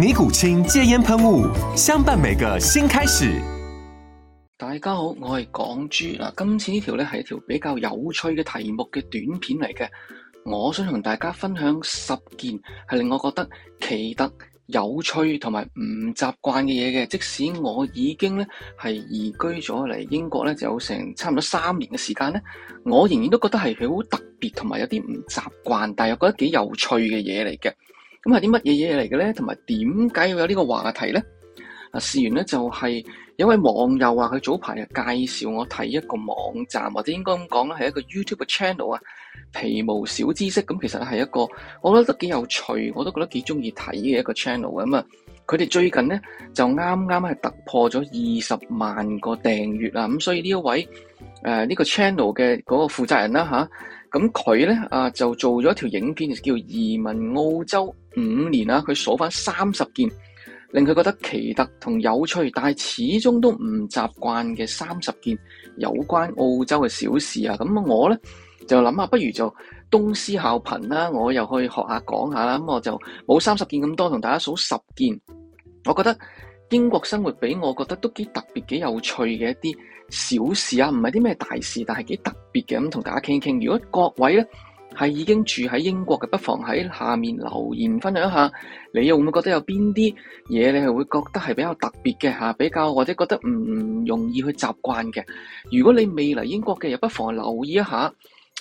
尼古清戒煙噴霧，相伴每個新開始。大家好，我係港豬嗱，今次這條呢條咧係一條比較有趣嘅題目嘅短片嚟嘅。我想同大家分享十件係令我覺得奇特、有趣同埋唔習慣嘅嘢嘅。即使我已經咧係移居咗嚟英國咧，就有成差唔多三年嘅時間咧，我仍然都覺得係好特別同埋有啲唔習慣，但係又覺得幾有趣嘅嘢嚟嘅。咁係啲乜嘢嘢嚟嘅咧？同埋點解要有呢個話題咧？啊，事源咧就係、是、有位網友話佢早排啊介紹我睇一個網站，或者應該咁講咧，係一個 YouTube 嘅 channel 啊，皮毛小知識。咁其實係一個我覺得都幾有趣，我都覺得幾中意睇嘅一個 channel。咁啊，佢哋最近咧就啱啱係突破咗二十萬個訂閱啊，咁所以呢一位誒呢、呃呢個 channel 嘅嗰個負責人啦吓，咁佢咧啊，呢啊就做咗一條影片，就叫移民澳洲。五年啦，佢數返三十件，令佢覺得奇特同有趣，但係始終都唔習慣嘅三十件有關澳洲嘅小事啊。咁我呢，就諗下，不如就東施效顰啦，我又去學下講下啦。咁我就冇三十件咁多，同大家數十件。我覺得英國生活俾我覺得都幾特別、幾有趣嘅一啲小事啊，唔係啲咩大事，但係幾特別嘅。咁同大家傾傾。如果各位呢。係已經住喺英國嘅，不妨喺下面留言分享一下，你又會唔會覺得有邊啲嘢你係會覺得係比較特別嘅嚇，比較或者覺得唔容易去習慣嘅？如果你未嚟英國嘅，又不妨留意一下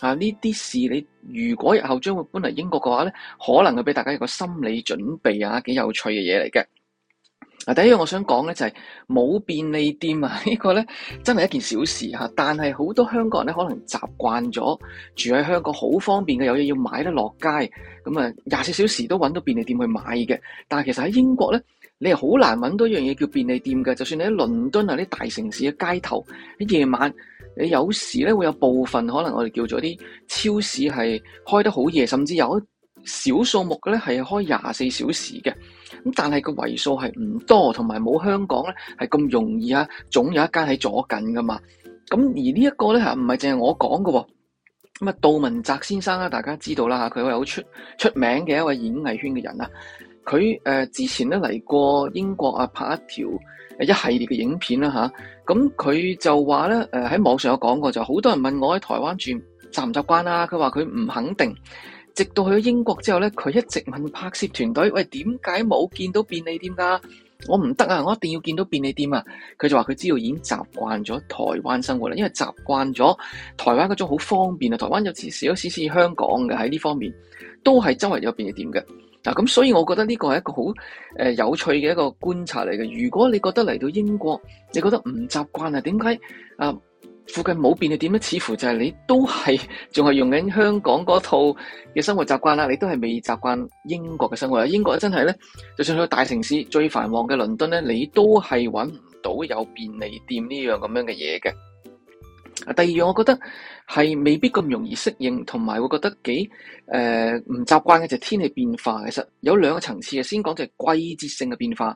嚇呢啲事。你如果日後將會搬嚟英國嘅話咧，可能會俾大家一個心理準備啊，幾有趣嘅嘢嚟嘅。第一樣我想講咧就係冇便利店啊！呢個咧真係一件小事啊，但係好多香港人咧可能習慣咗住喺香港好方便嘅，有嘢要買得落街咁啊，廿四小時都揾到便利店去買嘅。但係其實喺英國咧，你係好難揾到一樣嘢叫便利店嘅。就算你喺倫敦啊啲大城市嘅街頭，喺夜晚你有時咧會有部分可能我哋叫做啲超市係開得好夜，甚至有少數目嘅咧係開廿四小時嘅。咁但係個位數係唔多，同埋冇香港咧係咁容易啊，總有一間係左近噶嘛。咁而這呢一個咧吓，唔係淨係我講嘅。咁啊，杜汶澤先生啦，大家知道啦吓，佢係好出出名嘅一位演藝圈嘅人啦。佢誒之前咧嚟過英國啊，拍一條一系列嘅影片啦吓。咁、啊、佢、嗯、就話咧誒喺網上有講過就，就好多人問我喺台灣住習唔習慣啦、啊。佢話佢唔肯定。直到去咗英國之後咧，佢一直問拍攝團隊，喂，點解冇見到便利店㗎？我唔得啊，我一定要見到便利店啊！佢就話佢知道已經習慣咗台灣生活啦，因為習慣咗台灣嗰種好方便啊。台灣有時少少似香港嘅喺呢方面，都係周圍有便利店嘅。嗱，咁所以我覺得呢個係一個好誒、呃、有趣嘅一個觀察嚟嘅。如果你覺得嚟到英國，你覺得唔習慣啊，點解啊？呃附近冇便利店咧，似乎就係你都係仲係用緊香港嗰套嘅生活習慣啦，你都係未習慣英國嘅生活。英國真係咧，就算去大城市最繁忙嘅倫敦咧，你都係搵唔到有便利店呢樣咁樣嘅嘢嘅。啊，第二樣我覺得係未必咁容易適應，同埋我覺得幾誒唔習慣嘅就係天氣變化。其實有兩個層次嘅，先講就係季節性嘅變化。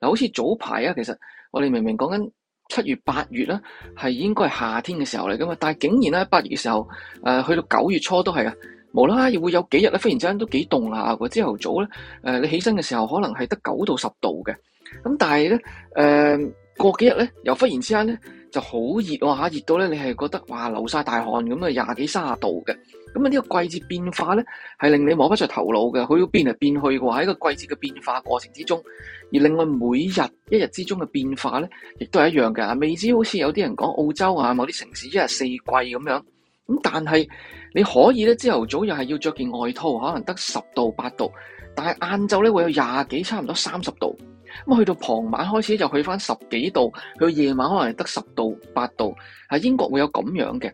嗱，好似早排啊，其實我哋明明講緊。七月八月咧，係應該係夏天嘅時候嚟噶嘛，但係竟然咧八月嘅時候，誒、呃、去到九月初都係啊，無啦啦又會有幾日咧，忽然之間都幾凍啦，個朝頭早咧，誒、呃、你起身嘅時候可能係得九到十度嘅，咁但係咧，誒、呃、過幾日咧又忽然之間咧。就好熱喎、哦、嚇，熱到咧你係覺得哇流晒大汗咁啊，廿幾三十度嘅。咁啊呢個季節變化咧，係令你摸不着頭腦嘅，佢要變嚟變去嘅喎。喺個季節嘅變化過程之中，而另外每日一日之中嘅變化咧，亦都係一樣嘅。未至於好似有啲人講澳洲啊，某啲城市一日四季咁樣。咁但係你可以咧，朝頭早又係要着件外套，可能得十度八度，但係晏晝咧會有廿幾，差唔多三十度。咁去到傍晚開始就去翻十幾度，去到夜晚可能係得十度、八度，係英國會有咁樣嘅。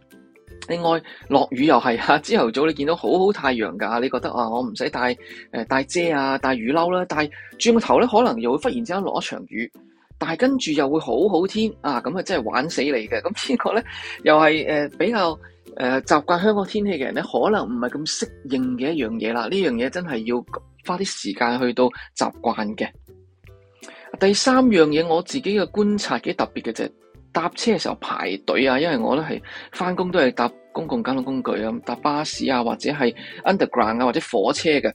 另外落雨又係啊，朝頭早你見到好好太陽噶，你覺得啊、哦，我唔使帶誒、呃、帶遮啊，帶雨褸啦，但帶轉個頭咧，可能又會忽然之間落一場雨，但係跟住又會好好天啊，咁啊真係玩死你嘅。咁、嗯、英國咧又係誒、呃、比較誒、呃、習慣香港天氣嘅人咧，可能唔係咁適應嘅一樣嘢啦。呢樣嘢真係要花啲時間去到習慣嘅。第三樣嘢，我自己嘅觀察幾特別嘅啫。就係，搭車嘅時候排隊啊，因為我咧係翻工都係搭公共交通工具啊，搭巴士啊，或者係 underground 啊，或者火車嘅。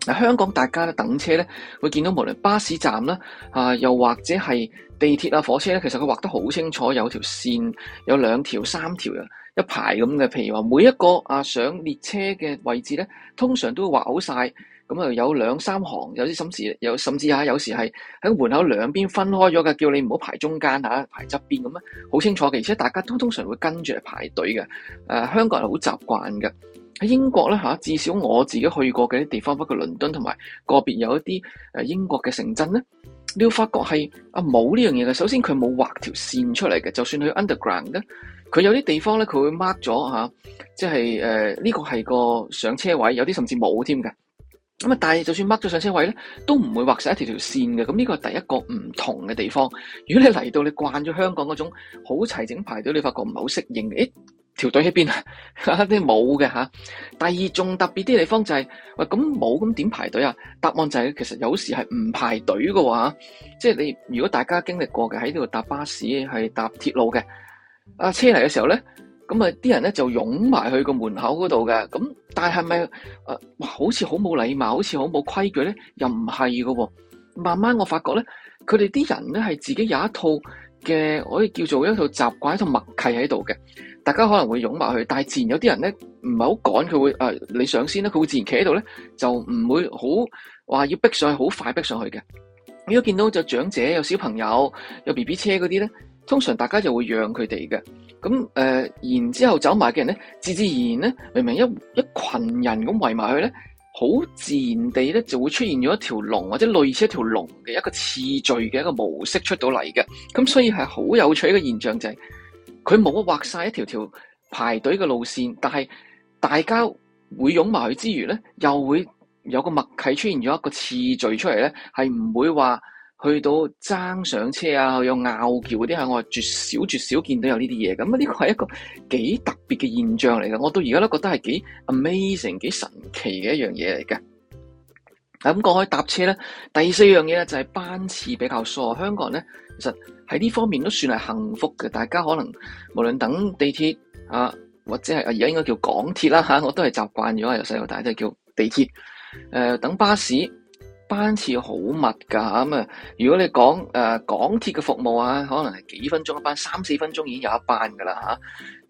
喺香港，大家咧等車咧，會見到無論巴士站啦，啊，又或者係地鐵啊、火車咧，其實佢畫得好清楚，有條線，有兩條、三條啊一排咁嘅。譬如話每一個啊上列車嘅位置咧，通常都會畫好晒。咁啊、嗯，有兩三行，有啲甚至有，甚至嚇，有時係喺門口兩邊分開咗嘅，叫你唔好排中間，排側邊咁好清楚嘅。而且大家都通常會跟住嚟排隊嘅。誒、啊，香港人好習慣嘅。喺英國咧、啊、至少我自己去過嘅啲地方，包括倫敦同埋個別有一啲、啊、英國嘅城鎮咧，你會發覺係啊冇呢樣嘢嘅。首先佢冇畫條線出嚟嘅，就算去 Underground 咧、啊，佢有啲地方咧佢會 mark 咗、啊、即係呢、啊呢個係個上車位，有啲甚至冇添嘅。咁啊！但係就算掹咗上車位咧，都唔會畫成一條條線嘅。咁呢個係第一個唔同嘅地方。如果你嚟到你慣咗香港嗰種好齊整排隊，你發覺唔係好適應。誒、哎，條隊喺邊 啊？啲冇嘅嚇。第二仲特別啲地方就係、是，喂咁冇咁點排隊啊？答案就係、是、其實有時係唔排隊嘅話，即係你如果大家經歷過嘅喺呢度搭巴士係搭鐵路嘅，啊車嚟嘅時候咧。咁啊，啲人咧就擁埋去個門口嗰度嘅。咁，但係咪誒？好似好冇禮貌，好似好冇規矩咧，又唔係嘅喎。慢慢我發覺咧，佢哋啲人咧係自己有一套嘅，可以叫做一套習慣，一套默契喺度嘅。大家可能會擁埋去，但係自然有啲人咧唔係好趕，佢會誒、呃、你上先咧，佢會自然企喺度咧，就唔會好話要逼上去，好快逼上去嘅。如果見到就有長者、有小朋友、有 BB 車嗰啲咧。通常大家就會讓佢哋嘅，咁誒、呃，然之後走埋嘅人咧，自自然然咧，明明一一群人咁圍埋去咧，好自然地咧就會出現咗一條龍或者類似一條龍嘅一個次序嘅一個模式出到嚟嘅，咁所以係好有趣嘅現象就係、是，佢冇畫晒一條條排隊嘅路線，但係大家會擁埋佢之餘咧，又會有個默契出現咗一個次序出嚟咧，係唔會話。去到爭上車啊，有拗撬嗰啲啊，我係絕少絕少見到有呢啲嘢，咁啊呢個係一個幾特別嘅現象嚟嘅。我到而家都覺得係幾 amazing，幾神奇嘅一樣嘢嚟嘅。咁、嗯、講開搭車咧，第四樣嘢咧就係、是、班次比較疏。香港人咧，其實喺呢方面都算係幸福嘅。大家可能無論等地鐵啊，或者係啊而家應該叫港鐵啦、啊、我都係習慣咗，由細到大都係叫地鐵。誒、呃，等巴士。班次好密㗎，咁啊，如果你講誒、呃、港鐵嘅服務啊，可能係幾分鐘一班，三四分鐘已經有一班㗎啦嚇。誒、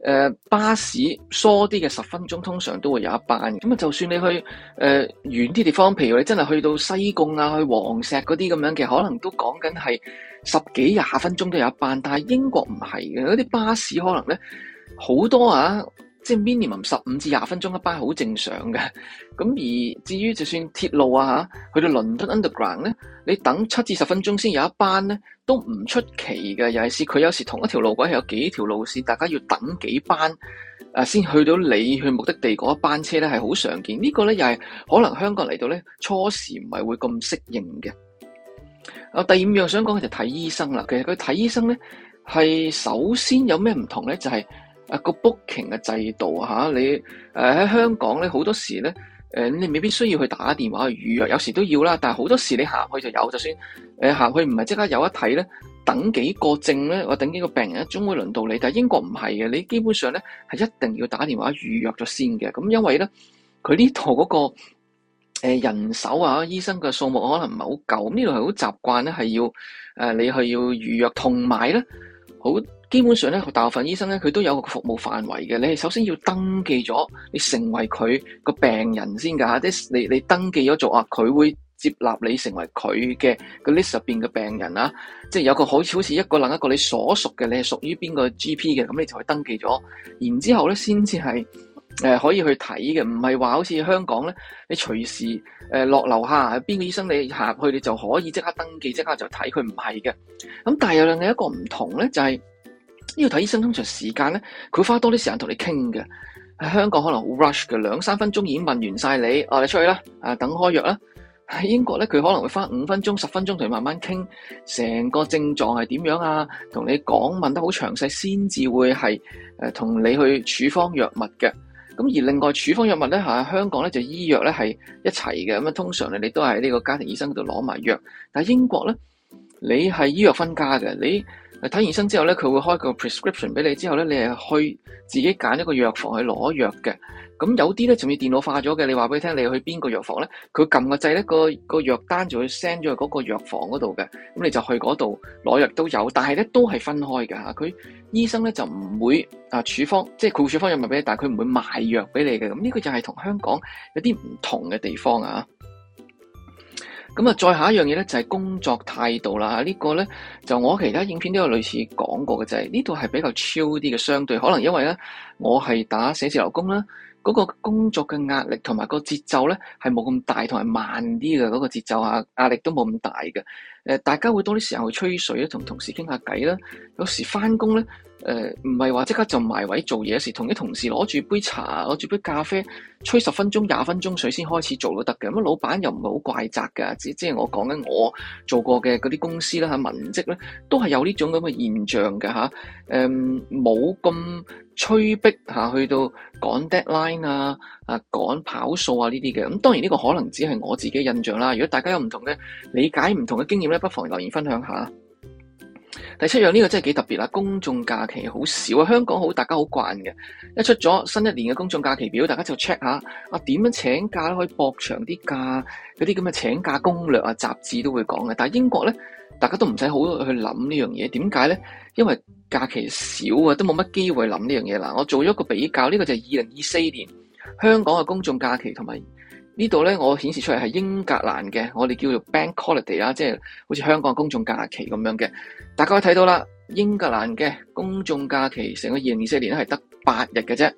呃、巴士疏啲嘅，十分鐘，通常都會有一班。咁啊，就算你去誒遠啲地方，譬如你真係去到西貢啊、去黃石嗰啲咁樣嘅，可能都講緊係十幾廿分鐘都有一班。但係英國唔係嘅，嗰啲巴士可能咧好多啊。即係 minimum 十五至廿分鐘一班，好正常嘅。咁而至於就算鐵路啊去到倫敦 Underground 咧，你等七至十分鐘先有一班咧，都唔出奇嘅。尤其係佢有時同一條路軌係有幾條路線，大家要等幾班先、呃、去到你去目的地嗰一班車咧，係好常見。這個、呢個咧又係可能香港嚟到咧初時唔係會咁適應嘅。啊，第五樣想講嘅就睇醫生啦。其實佢睇醫生咧，係首先有咩唔同咧，就係、是。啊個 booking 嘅制度嚇你，誒、呃、喺香港咧好多時咧，誒、呃、你未必需要去打電話預約，有時都要啦。但係好多時你行去就有，就算誒行去唔係即刻有一睇咧，等幾個症咧，或等幾個病人咧，總會輪到你。但英國唔係嘅，你基本上咧係一定要打電話預約咗先嘅。咁因為咧，佢呢度嗰個、呃、人手啊，醫生嘅數目可能唔係好夠，咁呢度係好習慣咧，係要誒、呃、你係要預約，同埋咧好。基本上咧，大部分醫生咧，佢都有個服務範圍嘅。你首先要登記咗，你成為佢個病人先㗎嚇。即係你你登記咗做啊，佢會接納你成為佢嘅個 list 入邊嘅病人啊。即係有個好似好似一個另一個你所屬嘅，你係屬於邊個 GP 嘅，咁你就去登記咗。然之後咧，先至係誒可以去睇嘅，唔係話好似香港咧，你隨時誒落樓下邊個醫生你行入去，你就可以即刻登記，即刻就睇。佢唔係嘅。咁但係又另一個唔同咧，就係、是。呢個睇醫生通常時間咧，佢會花多啲時間同你傾嘅。喺香港可能好 rush 嘅，兩三分鐘已經問完晒你，哦、啊，你出去啦，啊，等開藥啦。喺英國咧，佢可能會花五分鐘、十分鐘同你慢慢傾，成個症狀係點樣啊，同你講問得好詳細，先至會係誒同你去處方藥物嘅。咁而另外處方藥物咧，喺、啊、香港咧就醫藥咧係一齊嘅，咁、嗯、啊通常你你都喺呢個家庭醫生嗰度攞埋藥，但係英國咧，你係醫藥分家嘅，你。睇完醫生之後咧，佢會開個 prescription 俾你，之後咧你係去自己揀一個藥房去攞藥嘅。咁有啲咧仲要電腦化咗嘅，你話俾佢聽，你去邊個藥房咧，佢撳個掣咧，個、嗰個藥單就會 send 咗去嗰個藥房嗰度嘅。咁你就去嗰度攞藥都有，但係咧都係分開嘅嚇。佢醫生咧就唔會啊處方，即係佢會處方藥物俾你，但係佢唔會賣藥俾你嘅。咁呢個就係同香港有啲唔同嘅地方啊。咁啊，再下一樣嘢咧就係工作態度啦，呢個、呢個咧就我其他影片都有類似講過嘅，就係呢度係比較 chill 啲嘅，相對可能因為咧我係打寫字樓工啦，嗰、嗰個工作嘅壓力同埋個節奏咧係冇咁大，同埋慢啲嘅嗰個節奏啊，壓力都冇咁大嘅。誒，大家會多啲時候去吹水啦，同同事傾下偈啦。有時翻工咧，誒、呃，唔係話即刻就埋位做嘢，是同啲同事攞住杯茶，攞住杯咖啡，吹十分鐘、廿分鐘水先開始做都得嘅。咁老闆又唔係好怪責噶。即即係我講緊我做過嘅嗰啲公司啦，吓文職咧，都係有呢種咁嘅現象嘅吓。誒、呃，冇咁催逼下去到趕 deadline 啊。啊，趕跑數啊呢啲嘅，咁當然呢個可能只係我自己印象啦。如果大家有唔同嘅理解、唔同嘅經驗咧，不妨留言分享下。第七樣呢個真係幾特別啦，公眾假期好少啊，香港好，大家好慣嘅。一出咗新一年嘅公眾假期表，大家就 check 下啊，點樣請假可以駁長啲假？嗰啲咁嘅請假攻略啊，雜誌都會講嘅。但係英國呢，大家都唔使好去諗呢樣嘢，點解呢？因為假期少啊，都冇乜機會諗呢樣嘢啦。我做咗個比較，呢個就係二零二四年。香港嘅公眾假期同埋呢度咧，我顯示出嚟係英格蘭嘅，我哋叫做 Bank Holiday 啊，即係好似香港嘅公眾假期咁樣嘅。大家可以睇到啦，英格蘭嘅公眾假期成個二零二四年咧係得八日嘅啫。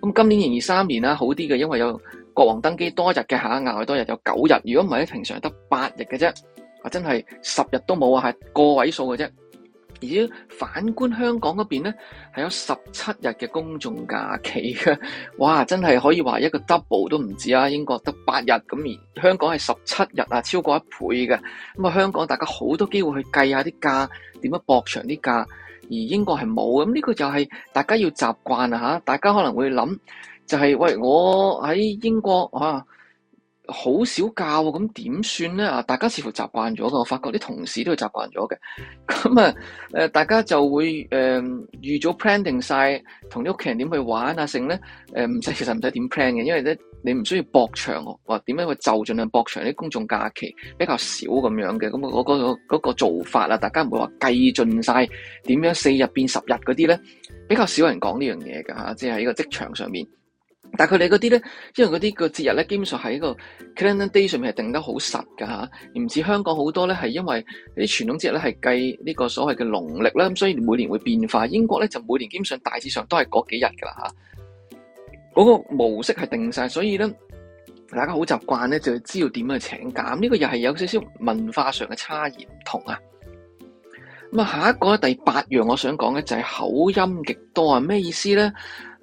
咁今年二零二三年啦好啲嘅，因為有國王登基多日嘅下額外多日有九日。如果唔係咧，平常得八日嘅啫，啊真係十日都冇啊，係個位數嘅啫。而且反觀香港嗰邊咧，係有十七日嘅公眾假期嘅，哇！真係可以話一個 double 都唔止啊！英國得八日咁，而香港係十七日啊，超過一倍嘅。咁啊，香港大家好多機會去計下啲假，點樣駁長啲假，而英國係冇咁。呢個就係大家要習慣啊嚇！大家可能會諗就係、是、喂，我喺英國啊。好少假咁點算咧？啊，大家似乎習慣咗，我發覺啲同事都會習慣咗嘅。咁啊，誒，大家就會誒預早 plan 定晒同啲屋企人點去玩啊，剩咧誒唔使，其實唔使點 plan 嘅，因為咧你唔需要博長，話點樣會就盡量博長，啲公眾假期比較少咁樣嘅。咁我嗰個嗰個做法啦，大家唔會話計盡晒點樣四日變十日嗰啲咧，比較少人講呢樣嘢噶吓，即係喺個職場上面。但佢哋嗰啲咧，因為嗰啲個節日咧，基本上喺個 calendar day 上面係定得好實㗎。唔似香港好多咧，係因為啲傳統節日咧係計呢個所謂嘅農曆啦，咁所以每年會變化。英國咧就每年基本上大致上都係嗰幾日噶啦嚇，嗰個模式係定晒，所以咧大家好習慣咧，就要知道點樣去請假，呢個又係有少少文化上嘅差異唔同啊。咁啊，下一個咧第八樣我想講嘅就係口音極多啊，咩意思咧？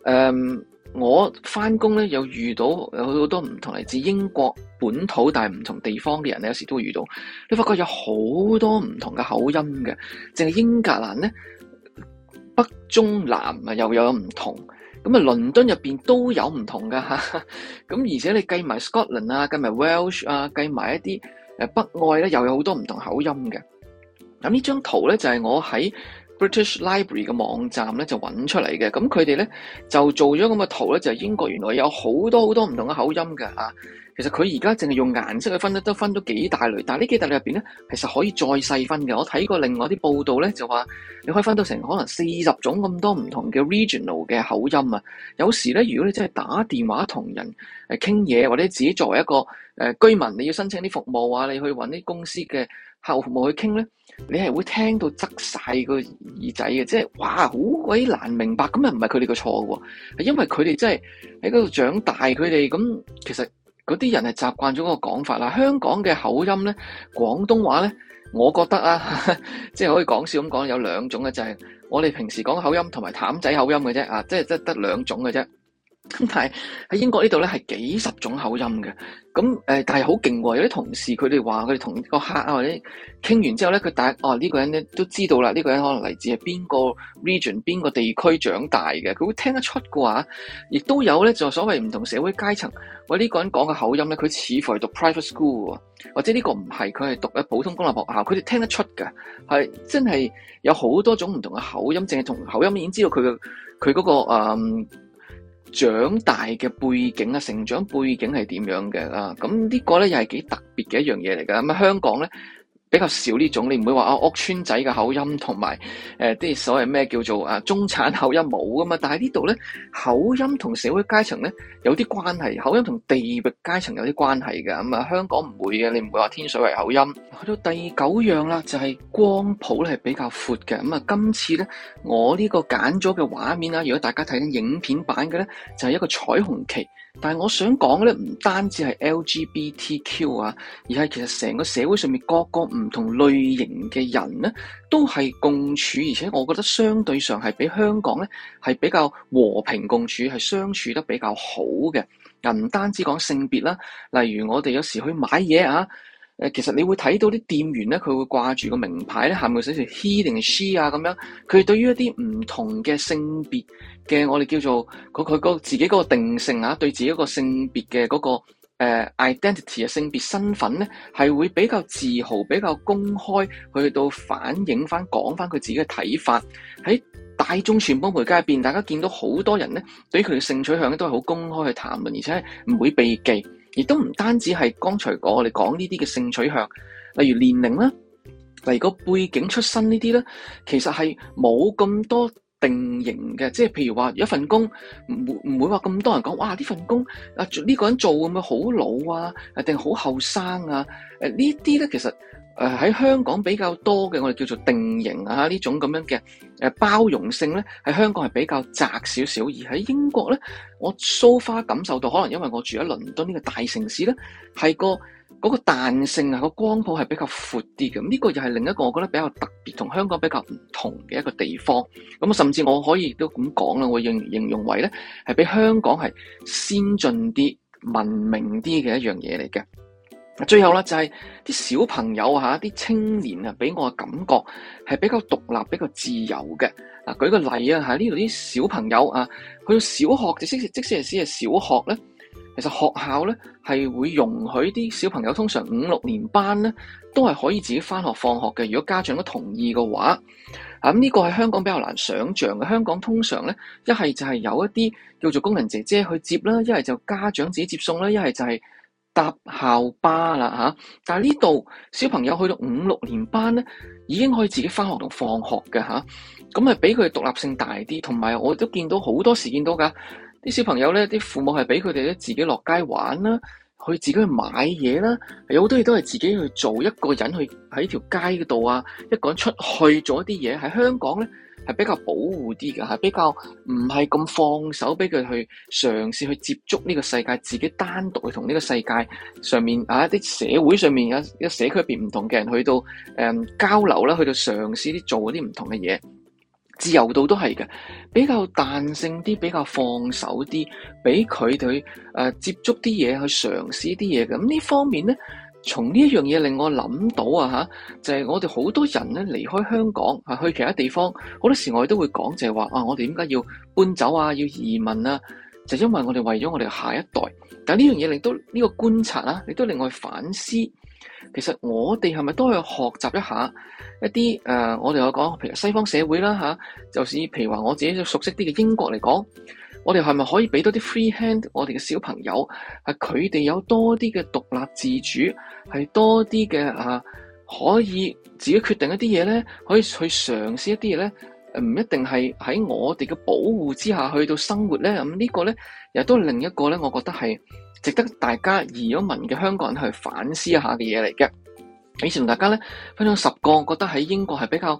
嗯我翻工咧，又遇到有好多唔同嚟自英國本土但係唔同地方嘅人咧，有時都會遇到。你發覺有好多唔同嘅口音嘅，淨係英格蘭咧，北中南啊又有唔同。咁啊，倫敦入面都有唔同噶嚇。咁而且你計埋 Scotland 啊，計埋 Welsh 啊，計埋一啲誒北外咧北愛，又有好多唔同嘅口音嘅。咁呢張圖咧就係、是、我喺。British Library 嘅網站咧就揾出嚟嘅，咁佢哋咧就做咗咁嘅圖咧，就係英國原來有好多好多唔同嘅口音嘅啊。其實佢而家淨係用顏色去分咧，都分咗幾大類。但係呢幾大類入邊咧，其實可以再細分嘅。我睇過另外啲報道咧，就話你可以分到成可能四十種咁多唔同嘅 regional 嘅口音啊。有時咧，如果你真係打電話同人誒傾嘢，或者自己作為一個誒居民，你要申請啲服務啊，你去揾啲公司嘅客戶服務去傾咧。你係會聽到側晒個耳仔嘅，即係哇，好鬼難明白，咁又唔係佢哋個錯喎，係因為佢哋真係喺嗰度長大，佢哋咁其實嗰啲人係習慣咗個講法啦。香港嘅口音咧，廣東話咧，我覺得啊， 即係可以講笑咁講，有兩種嘅就係我哋平時講口音同埋譚仔口音嘅啫啊，即係得得兩種嘅啫。咁但係喺英國呢度咧，係幾十種口音嘅，咁誒，但係好勁喎，有啲同事佢哋話佢哋同個客啊或者傾完之後咧，佢大哦呢個人咧都知道啦，呢個人可能嚟自係邊個 region 邊個地區長大嘅，佢會聽得出嘅話，亦都有咧，就所謂唔同社會階層，或者呢個人講嘅口音咧，佢似乎係讀 private school，或者呢個唔係佢係讀啊普通公立學校，佢哋聽得出嘅，係真係有好多種唔同嘅口音，淨係同口音已經知道佢嘅佢嗰個誒。嗯長大嘅背景啊，成長背景係點樣嘅啊？咁、這、呢個咧又係幾特別嘅一樣嘢嚟噶。咁香港咧。比較少呢種，你唔會話啊屋村仔嘅口音同埋誒啲所謂咩叫做啊中產口音冇㗎嘛，但係呢度咧口音同社會階層咧有啲關係，口音同地域階層有啲關係㗎。咁、嗯、啊香港唔會嘅，你唔會話天水圍口音。去到第九樣啦，就係、是、光譜咧係比較闊嘅咁啊，今次咧我呢個揀咗嘅畫面啦，如果大家睇緊影片版嘅咧，就係、是、一個彩虹旗。但係我想講咧，唔單止係 LGBTQ 啊，而係其實成個社會上面各個唔同類型嘅人咧，都係共處，而且我覺得相對上係比香港咧係比較和平共處，係相處得比較好嘅。唔單止講性別啦，例如我哋有時去買嘢啊。誒，其實你會睇到啲店員咧，佢會掛住個名牌咧，含糊寫住 he 定係 she 啊咁樣。佢對於一啲唔同嘅性別嘅，我哋叫做佢佢自己嗰個定性啊，對自己一個性別嘅嗰個 identity 啊，呃、Ident ity，性別身份咧，係會比較自豪、比較公開，去到反映翻、講翻佢自己嘅睇法。喺大眾傳播媒介入邊，大家見到好多人咧，對佢嘅性取向咧都係好公開去談論，而且唔會避忌。亦都唔單止係剛才我哋講呢啲嘅性取向，例如年齡啦，例如個背景出身呢啲咧，其實係冇咁多定型嘅。即係譬如話有份工，唔唔會話咁多人講，哇！呢份工啊，呢、呢個人做咁樣好老啊，定好後生啊？誒呢啲咧其實。誒喺香港比較多嘅，我哋叫做定型啊呢種咁樣嘅包容性咧，喺香港係比較窄少少，而喺英國咧，我 so far 感受到，可能因為我住喺倫敦呢個大城市咧，係個嗰個彈性啊，個光譜係比較闊啲嘅。咁呢個又係另一個我覺得比較特別，同香港比較唔同嘅一個地方。咁甚至我可以都咁講啦，我形容為咧係比香港係先進啲、文明啲嘅一樣嘢嚟嘅。最後呢、就是，就係啲小朋友吓，啲青年啊，俾我嘅感覺係比較獨立、比較自由嘅。嗱，舉個例啊，吓，呢度啲小朋友啊，去到小學，即使即使係小學咧，其實學校咧係會容許啲小朋友，通常五六年班咧，都係可以自己返學放學嘅。如果家長都同意嘅話，啊咁呢個係香港比較難想像嘅。香港通常咧，一係就係有一啲叫做工人姐姐去接啦，一係就家長自己接送啦，一係就係、是，搭校巴啦，嚇，但係呢度小朋友去到五六年班咧，已經可以自己翻學同放學嘅，嚇，咁係俾佢獨立性大啲，同埋我都見到好多時見到㗎，啲小朋友咧啲父母係俾佢哋咧自己落街玩啦，去自己去買嘢啦，有好多嘢都係自己去做，一個人去喺條街嗰度啊，一個人出去做一啲嘢喺香港咧，係比較保護啲嘅，係比較唔係咁放手俾佢去嘗試去接觸呢個世界，自己單獨去同呢個世界上面啊啲社會上面一一社區入邊唔同嘅人去到誒、嗯、交流啦，去到嘗試啲做嗰啲唔同嘅嘢，自由度都係嘅，比較彈性啲，比較放手啲，俾佢哋誒接觸啲嘢去嘗試啲嘢咁呢方面咧。從呢一樣嘢令我諗到啊嚇，就係、是、我哋好多人咧離開香港啊去其他地方，好多時我哋都會講就係話啊，我哋點解要搬走啊，要移民啊？就是、因為我哋為咗我哋下一代。但呢樣嘢令到呢、這個觀察啊，亦都令我哋反思。其實我哋係咪都去學習一下一啲誒、呃，我哋有講譬如西方社會啦嚇、啊，就係譬如話我自己熟悉啲嘅英國嚟講。我哋係咪可以俾多啲 free hand 我哋嘅小朋友，係佢哋有多啲嘅獨立自主，係多啲嘅啊，可以自己決定一啲嘢咧，可以去嘗試一啲嘢咧，唔一定係喺我哋嘅保護之下，去到生活咧。咁、嗯這個、呢個咧，又都係另一個咧，我覺得係值得大家移咗民嘅香港人去反思一下嘅嘢嚟嘅。以前同大家咧分享十個我覺得喺英國係比較。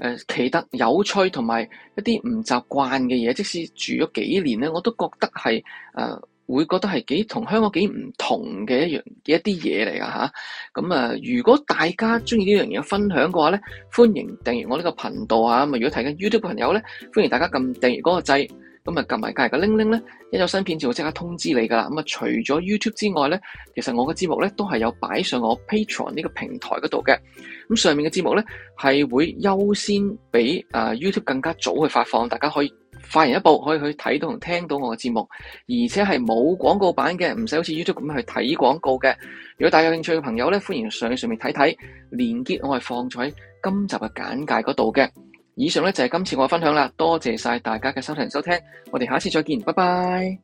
誒奇特有趣同埋一啲唔習慣嘅嘢，即使住咗幾年咧，我都覺得係誒、呃、會覺得係幾同香港幾唔同嘅一樣嘅一啲嘢嚟㗎吓。咁啊，如果大家中意呢樣嘢分享嘅話咧，歡迎訂閱我呢個頻道啊。咁啊，如果睇緊 YouTube 朋友咧，歡迎大家撳訂閱嗰個掣。咁啊，撳埋隔籬個鈴鈴咧，一有新片就會即刻通知你噶啦。咁啊，除咗 YouTube 之外咧，其實我嘅節目咧都係有擺上我 Patreon 呢個平台嗰度嘅。咁上面嘅節目咧係會優先俾 YouTube 更加早去發放，大家可以快人一步可以去睇到同聽到我嘅節目，而且係冇廣告版嘅，唔使好似 YouTube 咁去睇廣告嘅。如果大家有興趣嘅朋友咧，歡迎上去上面睇睇，連結我係放咗喺今集嘅簡介嗰度嘅。以上咧就係今次我嘅分享啦，多謝晒大家嘅收聽收聽，我哋下次再見，拜拜。